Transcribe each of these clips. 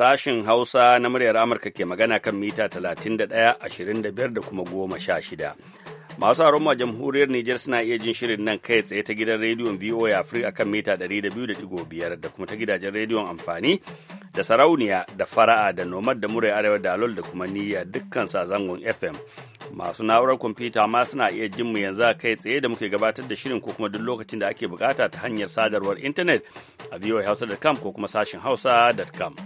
Sashin Hausa na muryar Amurka ke magana kan mita 31, 25 da kuma 16. Masu haruma jamhuriyar Nijar suna iya jin shirin nan kai tsaye ta gidan rediyon VOA a akan mita 200.5 da kuma ta gidajen rediyon amfani da sarauniya da fara'a da nomad da murai arewa da alol da kuma niyya dukkan sa zangon FM. Masu na'urar kwamfuta ma suna iya jin mu yanzu a kai tsaye da muke gabatar da shirin ko kuma duk lokacin da ake bukata ta hanyar sadarwar intanet a voahausa.com ko kuma sashin hausa.com.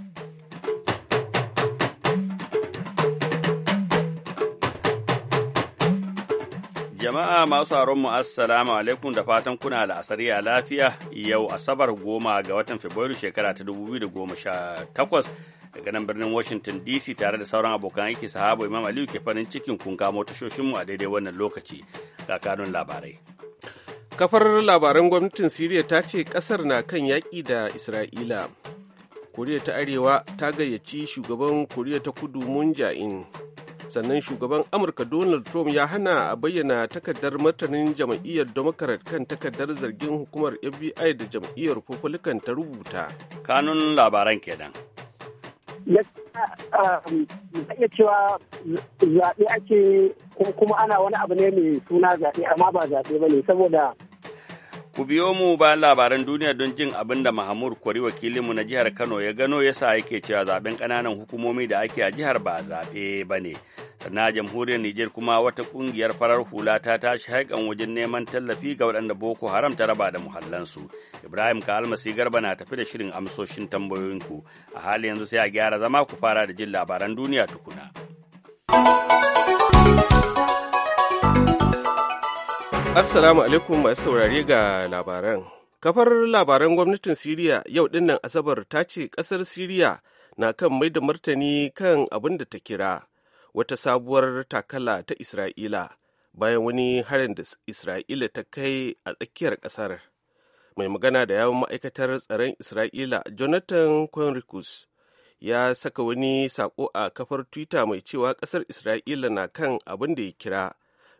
Jama'a masu sauraron mu assalamu alaikum da fatan kuna da asariya lafiya yau Asabar goma ga watan Fabrairu shekara ta 2018 daga nan birnin Washington DC tare da sauran abokan aiki sahabo Imam Aliyu ke farin cikin kun kamo tashoshin mu a daidai wannan lokaci ga kanun labarai. Kafar labaran gwamnatin Siriya ta ce kasar na kan yaƙi da Isra'ila. Koriya ta Arewa ta gayyaci shugaban Koriya ta Kudu Moon jae sannan shugaban amurka donald trump ya hana a bayyana takardar martanin jam'iyyar democrat kan takardar zargin hukumar fbi da jam'iyyar republican ta rubuta kanun labaran kenan um, iya cewa zaɓe ake ko kuma ana wani abu ne mai suna zaɓe amma ba zaɓe ba ne saboda Ku biyo mu ba labaran duniya don jin abin da Mahmud Kwari wakilinmu na jihar Kano ya gano yasa yake cewa zaben kananan hukumomi da ake a jihar ba zaɓe ba ne. Sannan jamhuriyar Nijar kuma wata ƙungiyar farar hula ta tashi haikan wajen neman tallafi ga waɗanda Boko Haram ta raba da muhallansu. Ibrahim almasi Garba na tafi da shirin amsoshin tambayoyinku. A halin yanzu sai a gyara zama ku fara da jin labaran duniya tukuna. Assalamu alaikum masu saurare ga labaran. Kafar labaran gwamnatin Siriya yau dinnan Asabar ta ce kasar Siriya na kan mai da martani kan abin da ta kira wata sabuwar takala ta Isra'ila bayan wani harin da Isra'ila ta kai a tsakiyar kasar. Mai magana da yawon ma'aikatar tsaron Isra'ila Jonathan Quinricus ya saka wani sako a kafar Twitter mai cewa kasar Isra'ila na kan abin da ya kira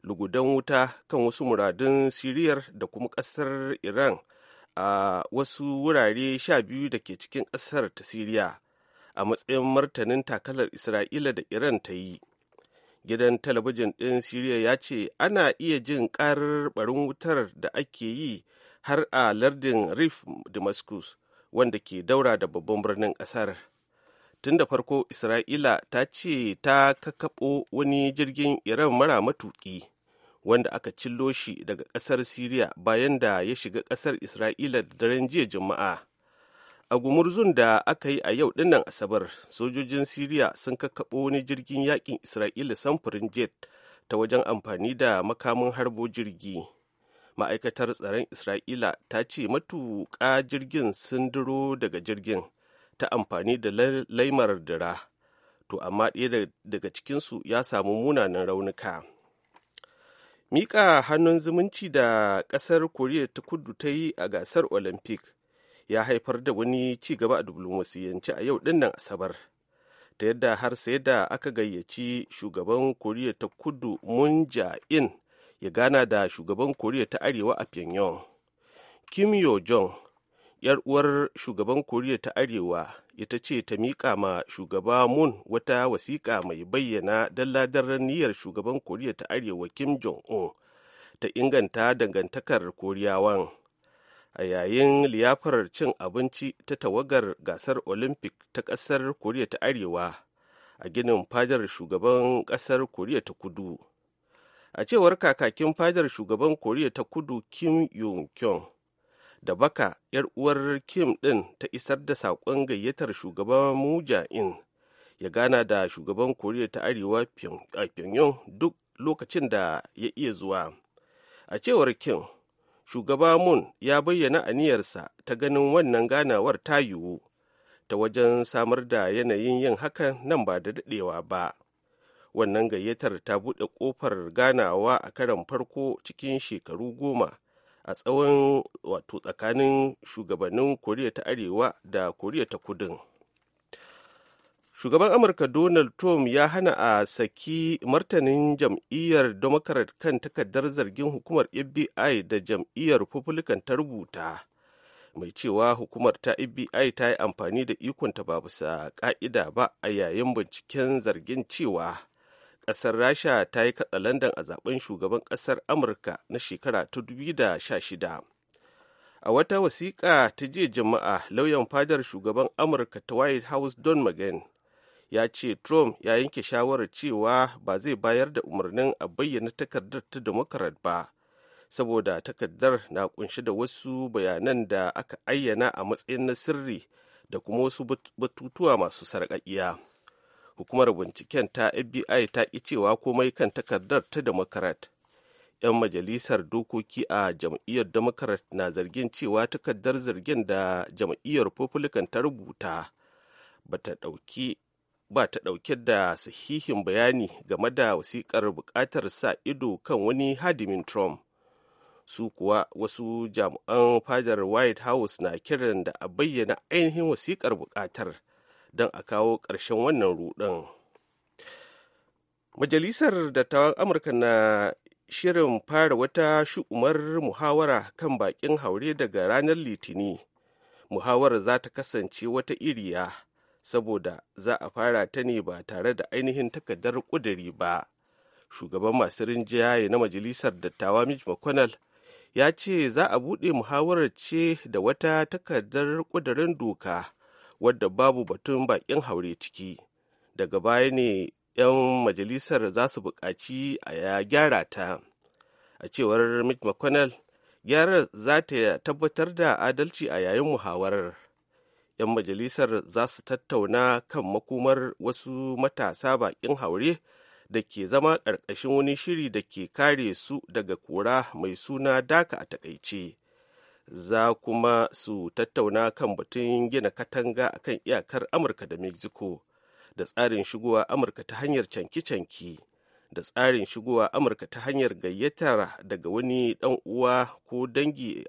lugudan wuta kan wasu muradun siriyar da kuma ƙasar iran a wasu wurare sha biyu da ke cikin ƙasar ta siriya a matsayin martanin takalar isra'ila da iran ta yi gidan talabijin ɗin siriya ya ce ana iya jin ƙarar barin wutar da ake yi har a lardin rif damascus wanda ke daura da babban birnin ƙasar tun da farko isra'ila ta ce ta kakaɓo wani jirgin iran mara matuƙi wanda aka cillo shi daga ƙasar Siriya bayan da ya shiga ƙasar Isra'ila da daren jiya Juma'a. A gumurzun da aka yi a yau dinnan Asabar, sojojin Siriya sun kakkaɓo wani jirgin yakin Isra'ila samfurin jet ta wajen amfani da makamin harbo jirgi. Ma'aikatar tsaron Isra'ila ta ce matuƙa jirgin sun duro daga jirgin ta amfani da laimar dira, to amma ɗaya daga cikinsu ya samu munanan raunuka. Mika hannun zumunci da ƙasar Koriya ta kudu ta yi a gasar Olympic ya haifar da wani ci gaba a diflomasiyance a yau dinnan Asabar. Ta yadda har sai da aka gayyaci shugaban Koriya ta kudu Moon Jae-in ya gana da shugaban Koriya ta Arewa a Pyongyang. Kim Yo Jong yar uwar shugaban koriya ta arewa ita ce ta miƙa ma shugaba Mun wata wasiƙa mai bayyana ladar niyyar shugaban koriya ta arewa kim jong-un ta inganta dangantakar koriyawan a yayin liyafar cin abinci ta tawagar gasar olympic ta ƙasar koriya ta arewa a ginin fadar shugaban ƙasar koriya ta kudu a cewar kakakin fadar shugaban koriya ta kudu kim yong kyong da baka yar uwar kim ɗin ta isar da saƙon gayyatar shugaban muja in ya gana da shugaban koriya ta arewa pyongyang duk lokacin da ya iya zuwa a cewar kim shugaba Mun ya bayyana aniyarsa ta ganin wannan ganawar ta yiwu ta wajen samar da yanayin yin hakan nan ba da daɗewa ba wannan gayyatar ta buɗe ƙofar ganawa a karan farko cikin shekaru goma a tsawon wato tsakanin shugabannin koriya ta arewa da koriya ta kudin shugaban amurka donald trump ya hana a saki martanin jam'iyyar democrat kan takardar zargin hukumar fbi da jam'iyyar republican ta rubuta mai cewa hukumar ta fbi ta yi amfani da ikonta ba bisa ka'ida ba a yayin binciken zargin cewa ƙasar rasha ta yi katsalandan a zaben shugaban ƙasar amurka na shekara ta 2016 a wata wasiƙa ta jiya jama'a lauyan fadar shugaban amurka ta white house don magan ya ce trump ya yanke shawarar cewa ba zai bayar da umarnin a bayyana takardar ta democrat ba saboda takardar na kunshi da wasu bayanan da aka ayyana a matsayin na sirri da kuma wasu batutuwa masu sarƙaƙiya. hukumar binciken ta fbi ta ki cewa komai kan takardar ta democrat 'yan majalisar dokoki a jam'iyyar democrat na zargin cewa takardar zargin da jam'iyyar republican ta rubuta ba ta ɗauki ɗauke da sahihin bayani game da wasikar buƙatar sa ido kan wani hadimin trump su kuwa wasu jami'an fadar white house na kiran da a bayyana ainihin wasikar buƙatar don a kawo ƙarshen wannan ruɗin. Majalisar Dattawan Amurka na shirin fara wata shu'umar muhawara kan baƙin haure daga ranar Litini. Muhawarar za ta kasance wata iriya saboda za a fara ta ne ba tare da ainihin takardar ƙuduri ba. Shugaban masu rinjaye na Majalisar Dattawa Mitch McConnell ya ce za a buɗe muhawarar ce da wata takardar ƙudurin doka wadda babu batun bakin haure ciki daga baya ne 'yan majalisar za su buƙaci a ya gyara ta a cewar mitt mcconnell gyarar za ta tabbatar da adalci a yayin muhawarar 'yan majalisar za su tattauna kan makomar wasu matasa bakin haure da ke zama ƙarƙashin wani shiri da ke kare su daga kura mai suna daka a takaice za kuma su tattauna kan batun gina katanga a kan iyakar amurka da mexico da tsarin shigowa amurka ta hanyar canki-canki da tsarin shigowa amurka ta hanyar gayyatar daga wani dan uwa ko dangi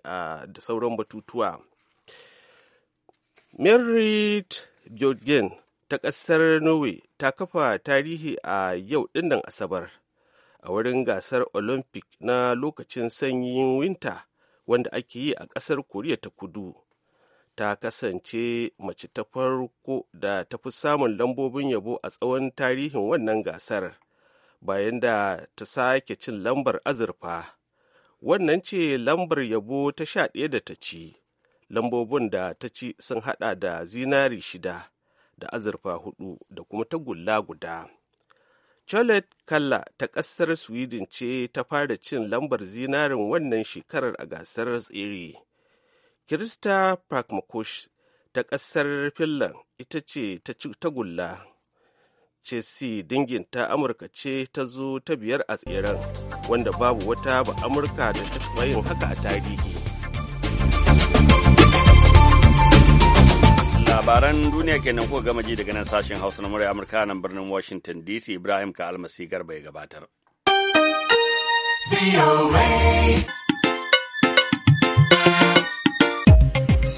da sauran batutuwa Merit bjorgen ta ƙasar norway ta kafa tarihi a yau dinnan asabar a wurin gasar olympic na lokacin sanyin winter wanda ake yi a ƙasar koriya ta kudu ta kasance mace ta farko da ta fi samun lambobin yabo a tsawon tarihin wannan gasar bayan da ta sake cin lambar azurfa wannan ce lambar yabo ta sha ɗaya da ta ci lambobin da ta ci sun hada da zinari shida da azurfa hudu da kuma tagulla guda Cholet Kalla ta ƙasar Sweden ce ta fara cin lambar zinarin wannan shekarar a gasar tsere. Kirista Prakmakosh ta ƙasar Finland ita ce ta ci tagulla. Chelsea dingin ta Amurka ce ta zo ta biyar a tseren wanda babu wata ba Amurka da ta yin haka a tarihi. labaran duniya kenan kuka gama ji daga nan sashen hausa na murya amurka nan birnin washington dc ibrahim ka almasi garba ya gabatar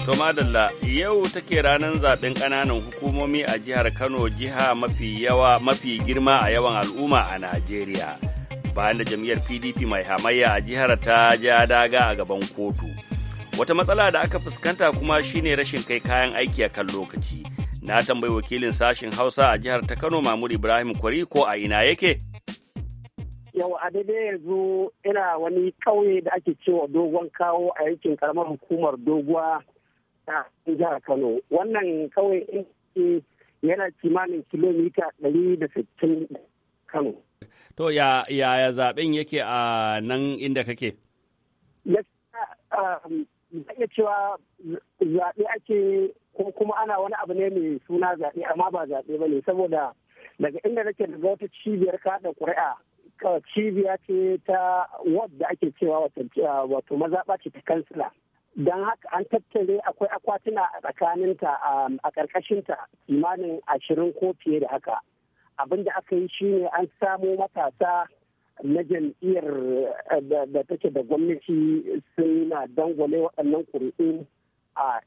To madalla yau take ranar zaɓen ƙananan hukumomi a jihar Kano jiha mafi yawa mafi girma a yawan al'umma a Najeriya. Bayan da jam'iyyar PDP mai hamayya a jihar ta ja daga a gaban kotu. wata matsala da aka fuskanta kuma shine rashin kai kayan aiki a kan lokaci na tambayi wakilin sashen hausa a jihar ta kano mamur ibrahim kwari ko a ina yake yau a daidai yanzu ina wani kauye da ake cewa dogon kawo a yankin karamar hukumar doguwa a jihar kano wannan ƙauye yana kimanin kilomita 160 kano to ya ya zaben yake a nan inda kake um, za iya cewa zaɓe ake ko kuma ana wani abu ne mai suna zaɓe amma ba zaɓe ba ne saboda daga inda nake daga wata cibiyar kaɗa ƙuri'a cibiya ce ta wadda ake cewa wato mazaɓa ce ta kansila don haka an tattare akwai akwatuna a tsakaninta um, a ƙarƙashinta kimanin ashirin ko fiye da haka abin da aka yi shine an samo matasa na jam'iyyar eh, da take da gwamnati suna dangwale waɗannan ƙuri'u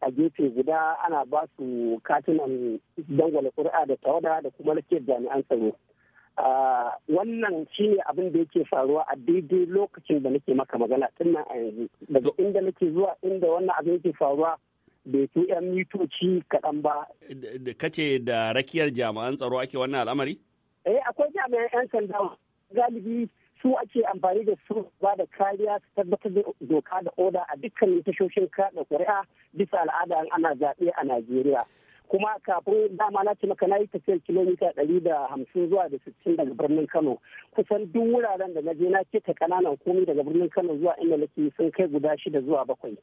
a gefe guda ana ba su katunan dangwale ƙuri'a da tawada da kuma lafiyar jami'an tsaro wannan shi ne abin da yake faruwa a daidai lokacin da nake maka magana tunan a yanzu daga inda nake zuwa inda wannan abin yake faruwa bai fi 'yan mitoci kaɗan ba. Kace da rakiyar jami'an tsaro ake wannan al'amari? Eh akwai jami'an 'yan sanda galibi su ake amfani da su ba da kariya su tabbatar da doka da oda a dukkanin tashoshin kada kuri'a bisa al'ada ana zaɓe a Najeriya. kuma kafin dama na ce maka na yi tafiyar kilomita ɗari da hamsin zuwa da sittin daga birnin kano kusan duk wuraren da na je na keta kananan komi daga birnin kano zuwa inda nake sun kai guda shida zuwa bakwai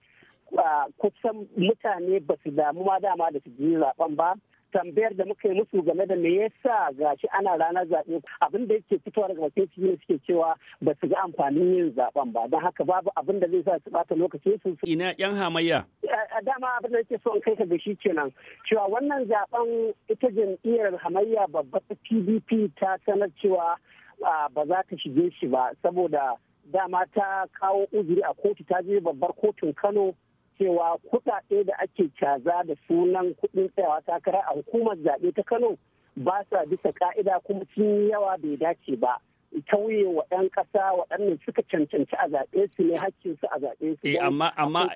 ah, kusan mutane ba su damu ma dama da su je zaben ba tambayar da muka yi musu game da me yasa gashi ana ranar zaɓe abin da yake fitowa daga bakin su ne suke cewa ba su ga amfanin yin zaɓen ba don haka babu abin da zai sa su bata lokacin su ina yan hamayya a dama abin da yake so in kai ka gashi shi kenan cewa wannan zaben ita jam'iyyar hamayya babbar PDP ta sanar cewa ba za ta shige shi ba saboda dama ta kawo uzuri a kotu ta je babbar kotun Kano cewa kuɗaɗe da ake caza da sunan kuɗin tsayawa takara a hukumar zaɓe ta Kano ba sa bisa ka'ida kuma sun yawa bai dace ba. tauye wa 'yan ƙasa waɗannan suka cancanci a zaɓe su ne hakkin su a zaɓe su. Eh, amma amma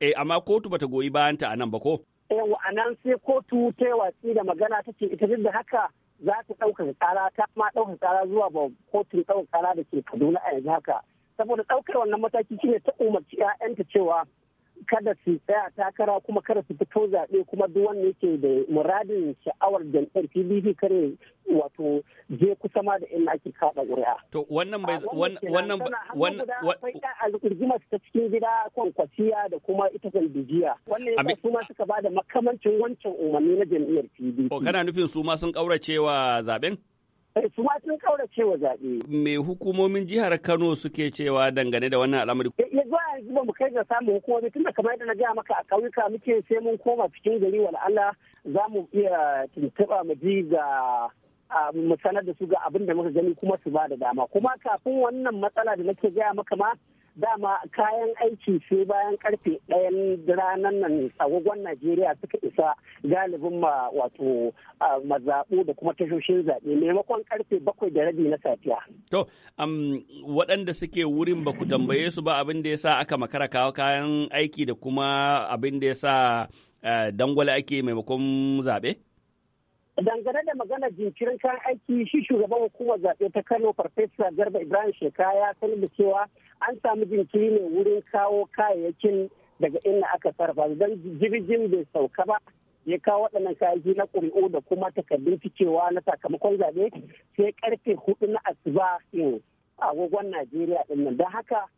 Eh amma kotu bata goyi bayan ta anan ba ko? Eh wa'anan sai kotu ta yi watsi da magana ta ce ita duk da haka za ta ɗaukar ƙara ta ma ɗaukar ƙara zuwa ba kotun ɗaukar ƙara da ke Kaduna a yanzu haka. saboda ɗaukar wannan mataki shine ta umarci 'ya'yanta cewa kada su tsaya takara kuma kada su fito zaɓe kuma duk wanda yake da muradin sha'awar jam'iyyar pdp kare wato je kusa ma da inda ake kaɗa ƙuri'a. to wannan bai wannan wannan a rigima ta cikin gida kwankwasiya da kuma ita zandijiya wannan yasa su ma suka ba makamancin wancan umarni na jam'iyyar pdp. kana nufin su ma sun ƙaurace wa zaɓen? Eh, su ma sun kaurace wa zaɓe. Me hukumomin jihar Kano suke cewa dangane da wannan al'amari? Ya eh, eh, zuwa yanzu ba mu kai ga samun hukumomi tunda kamar yadda na gaya maka a ƙauyuka muke sai mun koma cikin gari wala Allah za mu iya tuntuɓa mu ji ga mu sanar da su ga abin da muka gani kuma su ba da dama kuma kafin wannan matsala da nake gaya maka ma dama kayan aiki sai bayan karfe ɗayan ranar nan agogon najeriya suka isa galibin ma wato mazaɓu da kuma tashoshin zaɓe maimakon karfe bakwai da rabi na safiya. to waɗanda suke wurin ba ku tambaye su ba abin da ya sa aka makara kawo kayan aiki da kuma abin da ya sa eh, dangwale ake maimakon zaɓe? dangane da magana jinkirin kan aiki shi shugaban hukumar zaɓe ta kano farfesa garba ibrahim sheka ya sanar da cewa an samu jinkiri ne wurin kawo kayayyakin daga inda aka sarrafa don jirgin bai sauka ba ya kawo waɗannan kayayyaki na ƙuri'u da kuma takardun ficewa na sakamakon zaɓe sai karfe hudu na asuba agogon najeriya ɗin nan don haka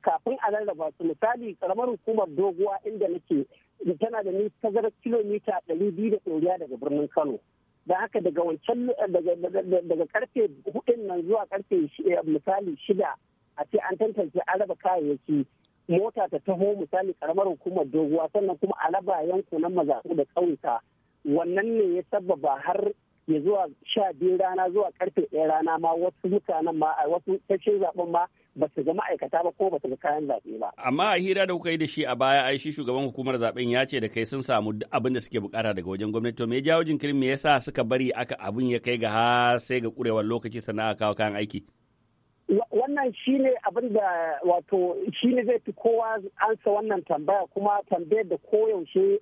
kafin a rarraba su misali karamar hukumar doguwa inda nake tana da ni tazarar kilomita ɗari biyu da ɗoriya daga birnin kano da haka daga wancan eh, daga karfe hudun nan zuwa karfe eh, misali shida a ce an tantance araba kayayyaki mota ta taho misali karamar hukumar doguwa sannan kuma alaba yankunan mazaku da ƙauyuka wannan ne ya sababa har ya zuwa sha biyu rana zuwa karfe ɗaya rana ma wasu mutanen ma a wasu tashin zaɓen ma ba su ga ma'aikata ba ko ba su ga kayan zaɓe ba. Amma a hira da kuka yi da shi a baya ai shi shugaban hukumar zaɓen ya ce da kai sun samu abin da suke bukata daga wajen gwamnati to me ya jawo jinkirin me yasa suka bari aka abin ya kai ga har sai ga kurewar lokaci sana'a kawo kayan aiki. wannan shi abin da wato ne zai fi kowa ansa wannan tambaya kuma tambayar da koyaushe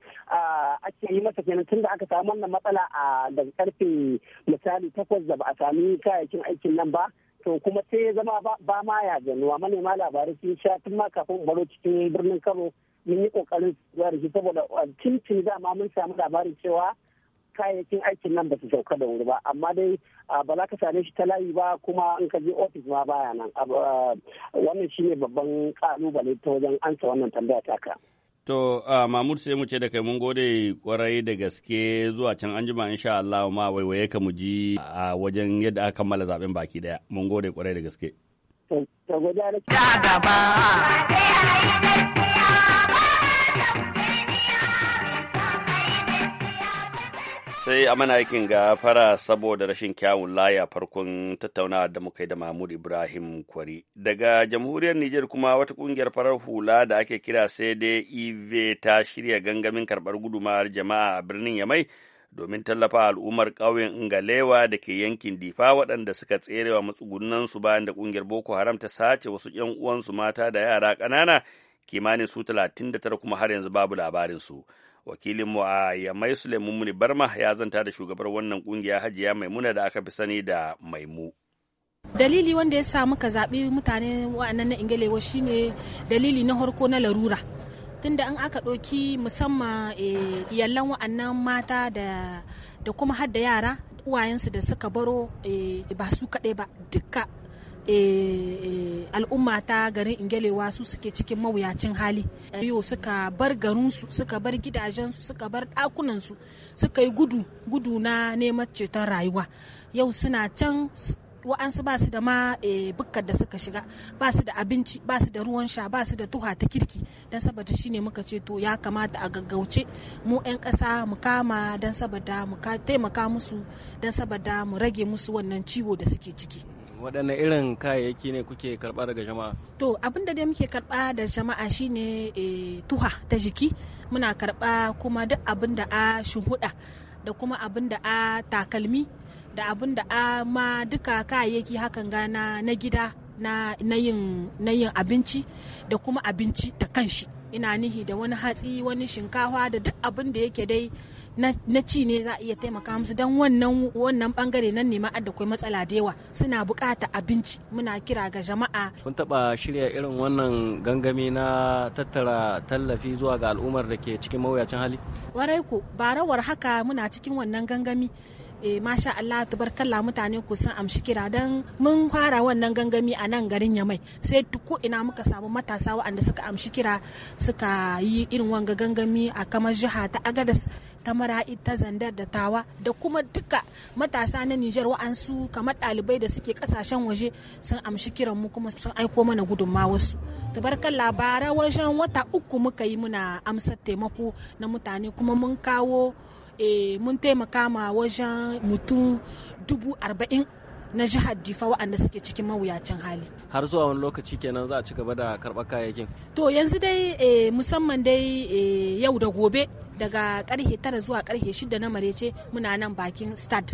ake yi masa kenan da aka samu wannan matsala a daga karfe misali takwas da ba a sami kayayyakin aikin nan ba to kuma sai ya zama ba ma ya ganuwa manema labarai sun sha tun ma kafin baro cikin birnin kano mun yi kokarin zuwa da shi saboda cincin dama mun samu labarin cewa kayayyakin aikin nan ba su sauka da wuri ba amma dai ba za ka same shi ta layi ba kuma in ka je ofis ma baya nan wannan shi ne babban kalubale ta wajen ansa wannan tambaya taka. To, sai mu ce da kai mun gode kwarai da gaske zuwa can an jima insha Allah ma waiwaye ka mu ji a wajen yadda aka kammala zaben baki daya. Mun gode kwarai da gaske. Ta gaba. sai a mana aikin gafara saboda rashin kyawun laya farkon tattaunawa da muka yi da mahmud ibrahim kwari daga jamhuriyar niger kuma wata kungiyar farar hula da ake kira sai dai ive ta shirya gangamin karbar gudumar jama'a a birnin yamai domin tallafa al'ummar ƙauyen ingalewa da ke yankin difa waɗanda suka tserewa matsugunan su bayan da kungiyar boko haram ta sace wasu 'yan uwansu mata da yara kanana kimanin su talatin da tara kuma har yanzu babu labarin su wakilinmu a yamai suleiman barma ya zanta da shugabar wannan kungiya hajiya maimuna da aka fi sani da maimu dalili wanda ya sa muka zaɓi mutane wa'annan na ingelewa shine dalili na harko na larura tunda an aka ɗauki musamman eh, iyalan wa'annan mata da kuma hadda yara uwayensu da suka baro eh, ba su kaɗai ba duka Eh, eh, al'umma ta garin ingelewa su suke cikin mawuyacin hali eh, yau suka bar garinsu suka bar gidajensu suka bar ɗakunansu suka yi gudu gudu na neman ceton rayuwa yau suna can wa'ansu ba su da ma bukkar da suka shiga ba su da abinci ba su da ruwan sha ba su da tuha ta kirki don saboda shi ne muka ce to ya kamata a gaggauce mu 'yan ƙasa mu kama don saboda mu taimaka musu don saboda mu rage musu wannan ciwo da suke ciki waɗanne irin kayayyaki ne kuke karɓa daga jama'a to abin da dai muke karɓa da jama'a shine eh, tuha ta jiki muna karɓa kuma duk abin da a shuhuda da kuma abin da a takalmi da abin da a ma duka kayayyaki hakan gana na gida na yin abinci da kuma abinci da kanshi ina nihi da wani hatsi wani shinkawa da duk abin da yake dai na ci ne za a iya taimaka musu don wannan wannan bangare nan ne ma'ad da kwai matsala da yawa suna bukata abinci muna kira ga jama'a kun taba shirya irin wannan gangami na tattara tallafi zuwa ga al'ummar da ke cikin mawuyacin hali warai ko barawar haka muna cikin wannan gangami eh masha Allah tabarkalla mutane ku san amshi kira dan mun fara wannan gangami a nan garin Yamai sai ko ina muka samu matasa waɗanda suka amshi kira suka yi irin wanga gangami a kamar jiha ta Agadas ta Mara'i ta Zandar da Tawa da kuma duka matasa na Nijar wa'ansu kamar ɗalibai da suke kasashen waje sun amshi kiran mu kuma sun aiko mana wasu tabarkalla bara wajen wata uku muka yi muna amsar taimako na mutane kuma mun kawo Eh, mun taimaka ma wajen mutum dubu arba'in na jihar difa waɗanda suke cikin mawuyacin hali har zuwa wani lokaci kenan za a ci gaba da karɓar kayayyakin to yanzu dai eh, musamman dai eh, yau da gobe daga karhe tara zuwa karhe shida na marece muna nan bakin stad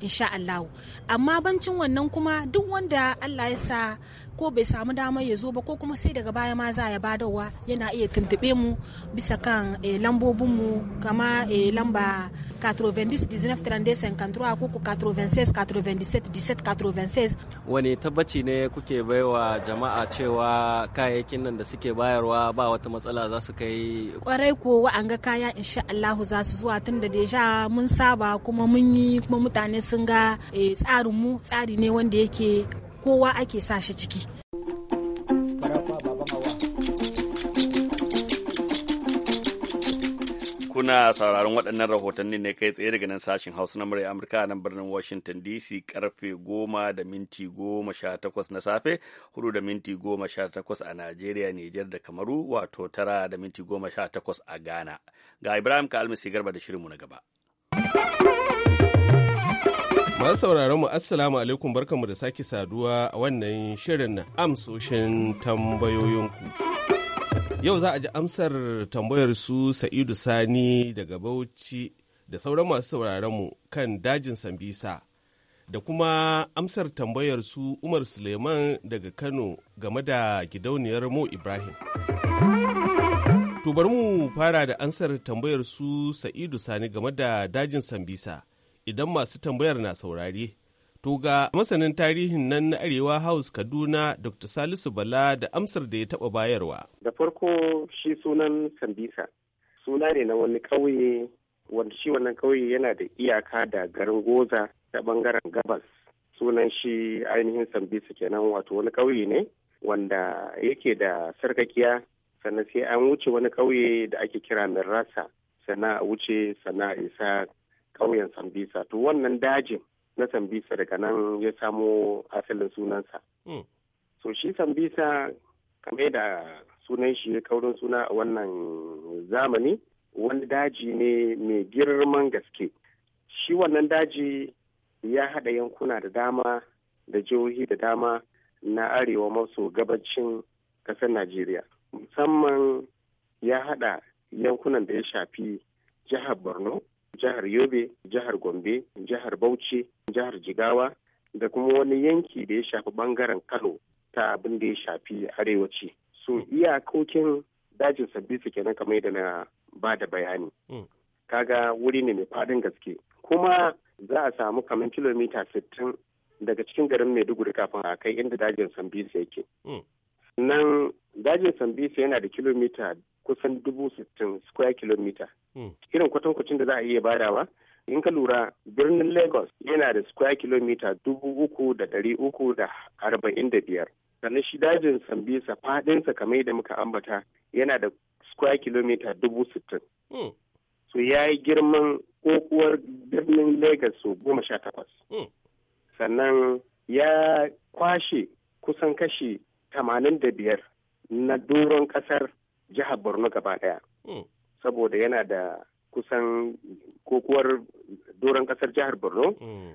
insha Allah amma bancin wannan kuma duk wanda Allah ya sa ko bai samu damar ya zo ba ko kuma sai daga baya ma za ya badawa yana iya tuntube mu bisa kan eh, lambobin mu kama eh, lamba 90 19 ko 96 97 17 96 wani tabbaci ne kuke baiwa jama'a cewa kayayyakin nan da suke bayarwa ba wata matsala za su kai kwarai ko wa'anga kaya insha Allahu za su zuwa tun da deja mun saba kuma mun yi kuma mutane sun ga eh, tsarin mu tsari ne wanda yake kowa ake sa shi ciki kuna sauraron waɗannan rahotanni ne kai tsaye daga nan sashen hausa na murya amurka nan birnin washington dc karfe goma da minti goma sha takwas na safe hudu da minti goma sha takwas a najeriya nijar da kamaru wato tara da minti goma sha takwas a ghana ga ibrahim ka almasi garba da shirinmu na gaba Masu sauraron mu assalamu alaikum barkanmu da sake saduwa a wannan shirin na amsoshin tambayoyinku. Yau za a ji amsar tambayar su Sa'idu Sani daga Bauchi da sauran masu sauraron mu kan dajin Sambisa da kuma amsar tambayar su Umar Suleiman daga Kano game da gidauniyar Mo Ibrahim. To bari mu fara da amsar tambayar su Sa'idu Sani game da dajin Sambisa. idan masu tambayar na saurari To ga masanin tarihin nan na Arewa House Kaduna Dr. Salisu Bala da amsar da ya taɓa bayarwa. Da farko shi sunan Sambisa. Suna ne na wani ƙauye wanda shi wannan ƙauye yana da iyaka da garin Goza ta bangaren gabas. Sunan shi ainihin Sambisa kenan wato wani ƙauye ne wanda yake da sarkakiya sannan sai an wuce wani ƙauye da ake kira Mirasa sannan a wuce sannan a isa ƙauyen sambisa to wannan dajin na sambisa daga nan ya samo asalin sunansa hmm. so shi sambisa kame da sunan shi ya kaurin suna a wannan zamani wani daji ne mai girman gaske shi wannan daji ya haɗa yankuna da dama da jihohi da dama na arewa maso gabacin ƙasar najeriya musamman ya haɗa yankunan da ya shafi jihar borno jihar yobe jihar gombe jihar bauchi jihar jigawa da kuma wani yanki da ya shafi bangaren kano ta abin da ya shafi arewaci so iyakokin dajin sambisa kenan kamar yadda na ba da bayani hmm. kaga wuri ne mai faɗin gaske kuma za a samu kamar kilomita sittin daga cikin garin maiduguri kafin a kai inda dajin sambisa yake hmm. nan dajin sambisa yana da kilomita kusan dubu sittin square kilometer hmm. irin kwatankwacin da za a iya badawa in ka lura birnin lagos yana da square kilometer dubu uku da dari uku da arba'in da biyar sannan shi dajin sambisa fadinsa kamar da muka ambata yana da square kilometer dubu sittin hmm. so ya yi girman kokuwar birnin lagos so goma sha takwas hmm. sannan ya kwashe kusan kashi tamanin da biyar na doron kasar jihar borno gaba daya hmm. saboda yana da kusan kokuwar doron kasar jihar borno hmm.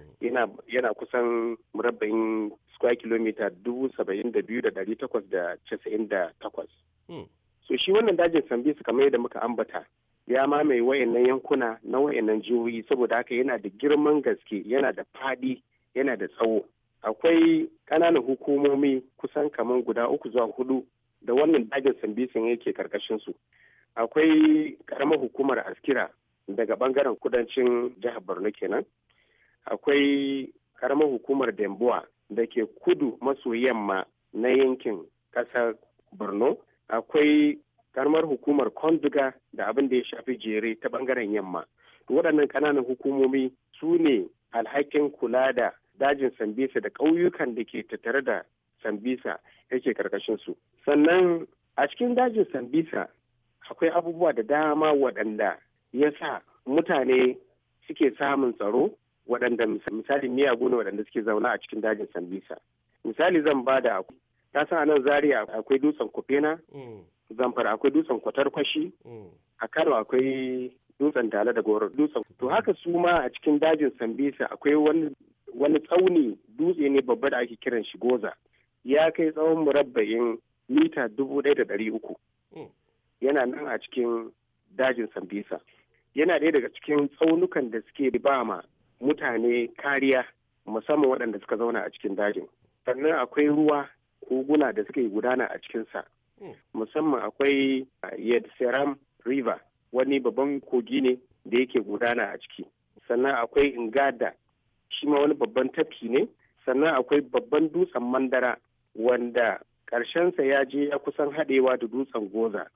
yana kusan murabba'in square kilomita dubu saba'in da biyu da dari takwas da casa'in da takwas hmm. so shi wannan dajin su kamar yadda muka ambata ya mamaye wayannan yankuna na wayannan jihohi saboda haka yana da girman gaske yana da fadi yana da tsawo akwai ƙananan hukumomi kusan kamar guda uku zuwa hudu da wannan dajin sambisin yake karkashin su akwai karamar hukumar askira daga bangaren kudancin jihar borno kenan akwai karamar hukumar dembuwa da ke kudu maso yamma na yankin kasar borno akwai karamar hukumar konduga da abin da ya shafi jere ta bangaren yamma waɗannan ƙananan hukumomi su ne alhakin kula da dajin sambisa da ƙauyukan da ke tattare da sambisa yake karkashin su sannan a cikin dajin sambisa akwai abubuwa da dama waɗanda ya sa mutane suke samun tsaro waɗanda misali miyagu ne waɗanda suke zauna a cikin dajin sambisa misali zan ba da ta san nan zari akwai dutsen kufena mm. zamfara akwai dutsen kwatarkwashi mm. a kano akwai dutsen tale da goro. dutsen to haka su ma a cikin dajin sambisa akwai wani tsauni dutse ne babba da ake kiran shi goza ya kai tsawon murabba'in mita dubu ɗaya da ɗari uku hmm. yana nan a cikin dajin sambisa yana ɗaya daga cikin tsaunukan da suke ba ma mutane kariya musamman waɗanda suka zauna a cikin dajin sannan akwai ruwa koguna da suke gudana a cikinsa hmm. musamman akwai yadseram river wani babban kogi ne da yake gudana a ciki sannan akwai ingada shi ma wani babban tafki ne sannan akwai babban dutsen mandara wanda ƙarshensa ya je ya kusan haɗewa da dutsen goza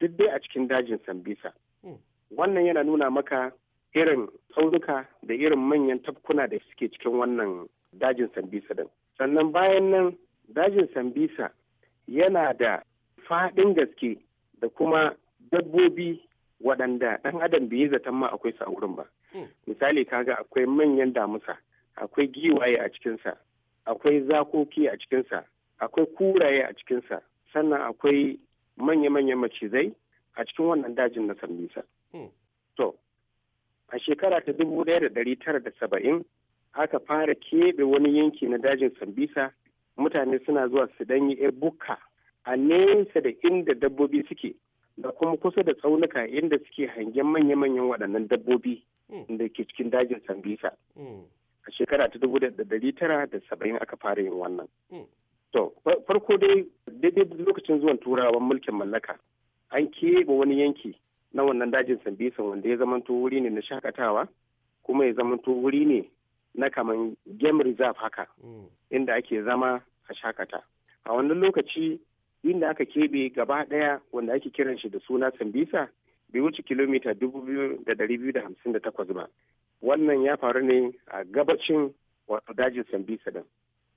duk dai a cikin dajin sambisa hmm. wannan yana nuna maka irin tsaunuka da irin manyan tafkuna da suke cikin wannan dajin sambisa din sannan bayan nan dajin sambisa yana da faɗin gaske da kuma dabbobi waɗanda ɗan adam bai yi zaton ma akwai su a wurin ba hmm. misali kaga akwai manyan damusa akwai giwaye a cikinsa akwai zakoki a cikinsa akwai kuraye a cikinsa sannan akwai manya-manyan macizai a cikin wannan dajin na sambisa hmm. to a shekara ta dubu ɗaya da dari tara da saba'in aka fara keɓe wani yanki na dajin sambisa mutane suna zuwa su danyi yar bukka a nesa da inda dabbobi suke da kuma kusa da tsaunuka inda suke hangen manya-manyan waɗannan dabbobi hmm. da ke cikin dajin sambisa hmm. a shekara ta dubu da dari tara da saba'in aka fara yin wannan To, farko dai daidai lokacin zuwan turawan mulkin mallaka an keɓe wani yanki na wannan dajin Sambisan wanda ya zamanto wuri ne na shakatawa kuma ya zamanto wuri ne na kaman game reserve haka mm. inda ake zama a shakata. A wannan lokaci inda aka keɓe gaba ɗaya wanda ake kiran shi da suna Sambisa bai wuce kilomita dubu biyu da dari biyu da hamsin da takwas ba. Wannan ya faru ne a gabacin wato dajin Sambisa din.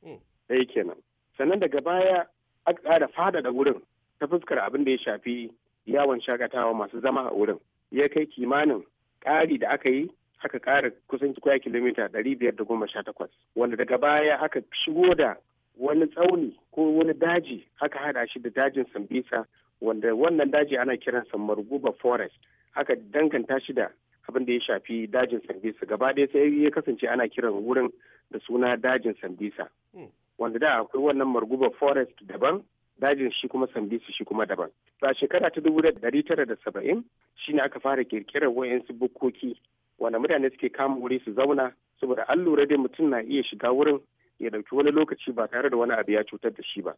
Mm. Ɗaya kenan. sannan daga baya aka ƙara da wurin ta fuskar abin da ya shafi yawon shakatawa masu zama a wurin ya kai kimanin ƙari da aka yi aka ƙara kusan kwaya kilomita ɗari biyar da goma sha takwas wanda daga baya aka shigo da wani tsauni ko wani daji aka haɗa shi da dajin sambisa wanda wannan daji ana kiran kiransa marguba forest aka danganta shi da abin da ya shafi dajin sambisa gaba ɗaya sai ya kasance ana kiran wurin da suna dajin sambisa hmm. wanda da akwai wannan marguba forest daban dajin shi kuma sambisi shi kuma daban a shekara ta dubu dari tara da saba'in shine aka fara kirkirar wayansu bukkoki wanda mutane suke kama wuri su zauna saboda an lura dai mutum na iya shiga wurin ya dauki wani lokaci ba tare da wani abu ya cutar da shi ba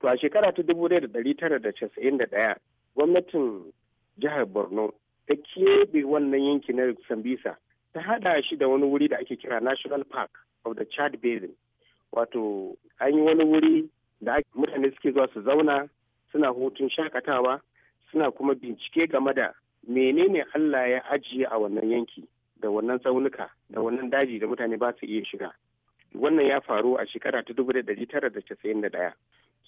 to a shekara ta dubu da dari tara da casa'in da ɗaya gwamnatin jihar borno ta keɓe wannan yanki na sambisa ta haɗa shi da wani wuri da ake kira national park of the chad basin wato an yi wani wuri da mutane suke zuwa su zauna suna hutun shakatawa suna kuma bincike game da menene Allah ya ajiye a wannan yanki da wannan tsaunuka da wannan daji da mutane ba su iya shiga wannan ya faru a shekara ta dubu da tara da casa'in da ɗaya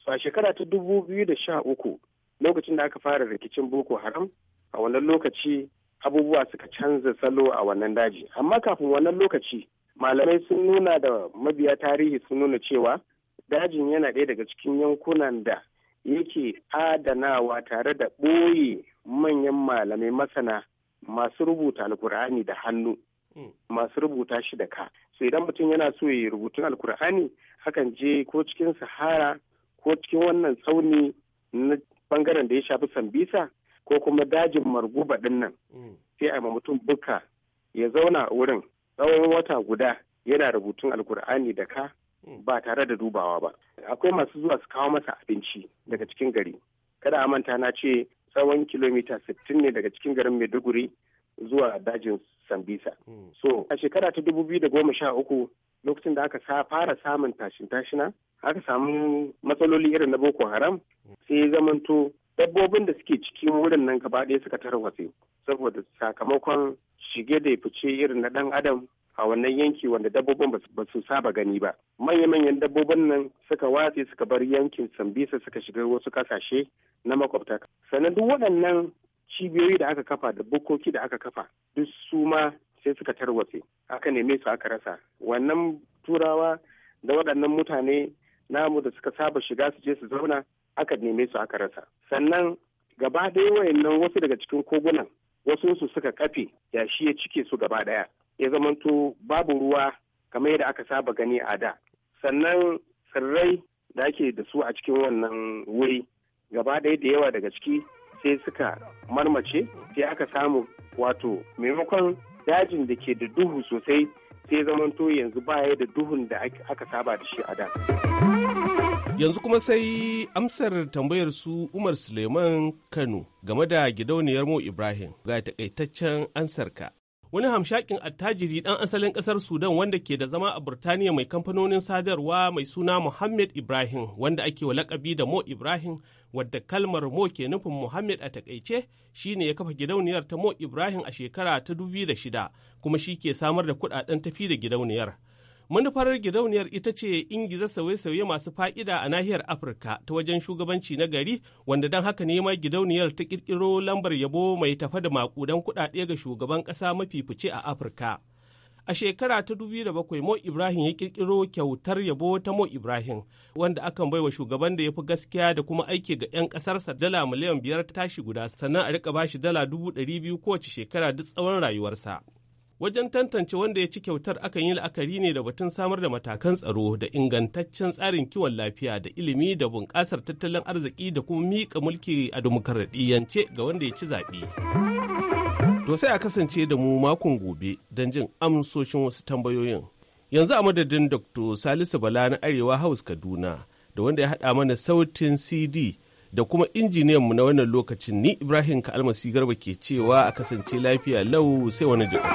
a shekara ta dubu biyu da sha uku lokacin da aka fara rikicin boko haram a wannan lokaci abubuwa suka canza salo a wannan daji amma kafin wannan lokaci malamai sun nuna da mabiya tarihi sun nuna cewa dajin yana ɗaya daga cikin yankunan da yake adanawa tare da ɓoye manyan malamai masana masu rubuta alkur'ani da hannu hmm. masu rubuta shi da ka so idan mutum yana so ya rubutun alkur'ani hakan je ko cikin sahara ko cikin wannan tsauni na bangaren da ya shafi sambisa ko kuma dajin marguba dinnan hmm. sai a ma mutum buka ya zauna a wurin tsawon wata guda yana rubutun alkur'ani da ka hmm. ba tare da dubawa ba akwai masu zuwa su kawo masa abinci daga cikin gari kada a manta na ce tsawon kilomita 60 ne daga cikin garin maiduguri zuwa dajin sambisa hmm. so a shekara ta dubu goma sha uku, lokacin da aka fara samun tashin tashina aka samu matsaloli irin na boko haram hmm. sai zamanto dabbobin da suke cikin wurin nan gaba ɗaya suka tarwatse saboda sakamakon shige da fice irin na dan adam a wannan yanki wanda dabbobin ba su saba gani ba manya-manyan dabbobin nan suka watse suka bar yankin sambisa suka shiga wasu kasashe na makwabta sannan duk waɗannan cibiyoyi da aka kafa da bukoki da aka kafa duk su ma sai suka tarwatse aka neme su aka rasa wannan turawa da waɗannan mutane namu da suka saba shiga su je su zauna aka neme su aka rasa sannan gaba ɗaya wayannan wasu daga cikin kogunan wasu su suka kafe yashi ya cike su gaba daya ya zamanto babu ruwa kamar yadda aka saba gani a da sannan tsirrai da ake da su a cikin wannan wuri gaba ɗaya da yawa daga ciki sai suka marmace sai aka samu wato maimakon dajin da ke da duhu sosai sai zamanto yanzu baya da duhun da aka saba da shi a da. Yanzu kuma sai amsar tambayar su Umar Suleiman Kano game da gidauniyar Mo Ibrahim ga takaitaccen ansarka. Wani hamshakin attajiri dan asalin kasar Sudan wanda ke da zama a Burtaniya mai kamfanonin sadarwa mai suna Mohammed Ibrahim wanda ake wa lakabi da Mo Ibrahim wadda kalmar Mo ke nufin Mohammed a takaice shine ya kafa gidauniyar ta Mo Ibrahim a shekara ta 2006 kuma shi ke samar da kuɗaɗen tafi da gidauniyar. Manufar gidauniyar ita ce ingiza sauye-sauye masu fa'ida a nahiyar Afirka ta wajen shugabanci na gari wanda don haka ne ma gidauniyar ta ƙirƙiro lambar yabo mai tafa da maƙudan kuɗaɗe ga shugaban ƙasa mafi fice a Afirka. A shekara ta 2007 Mo Ibrahim ya kirkiro kyautar yabo ta Mo Ibrahim wanda akan wa shugaban da ya fi gaskiya da kuma aiki ga 'yan kasarsa dala miliyan biyar ta tashi guda sannan a rika bashi dala dubu ɗari biyu kowace shekara duk tsawon rayuwarsa. wajen tantance wanda ya ci kyautar akan yi la'akari ne da batun samar da matakan tsaro da ingantaccen tsarin kiwon lafiya da ilimi da bunƙasar tattalin arziki da kuma miƙa mulki a dimokuraɗiyyance ga wanda ya ci zaɓe. To sai a kasance da mu makon gobe don jin amsoshin wasu tambayoyin. Yanzu a madadin Dr. Salisu Bala na Arewa House Kaduna da wanda ya haɗa mana sautin CD da kuma injiniyan mu na wannan lokacin ni Ibrahim ka Almasi Garba ke cewa a kasance lafiya lau sai wani jiko.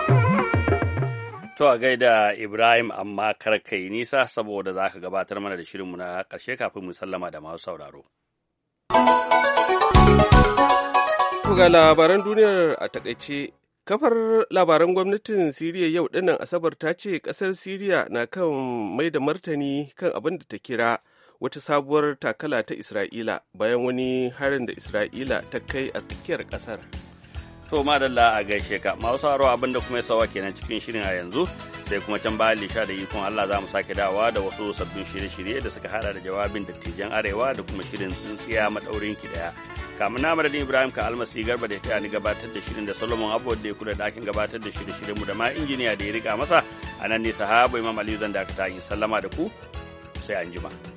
To a gaida Ibrahim amma kar ka nisa saboda za ka gabatar mana da shirinmu na karshe kafin mu sallama da masu sauraro. Ga labaran duniyar a takaice kafar labaran gwamnatin siriya yau dinnan asabar ta ce kasar siriya na kan mai da martani kan abin da ta kira wata sabuwar takala ta isra'ila bayan wani harin da isra'ila ta kai a tsakiyar kasar to madalla a gaishe ka masu haro abin da kuma ya sawa kenan cikin shirin a yanzu sai kuma can bayan lisha da ikon allah za mu sake dawa da wasu sabbin shirye-shirye da suka hada da jawabin dattijan arewa da kuma shirin tsintsiya maɗaurin ki daya kamun na madadin ibrahim ka almasi garba da ta ni gabatar da shirin da solomon abu da ya kula da ɗakin gabatar da shirye-shiryen mu da ma injiniya da ya rika masa a nan ne sahabo imam aliyu zan ta yi sallama da ku sai an jima.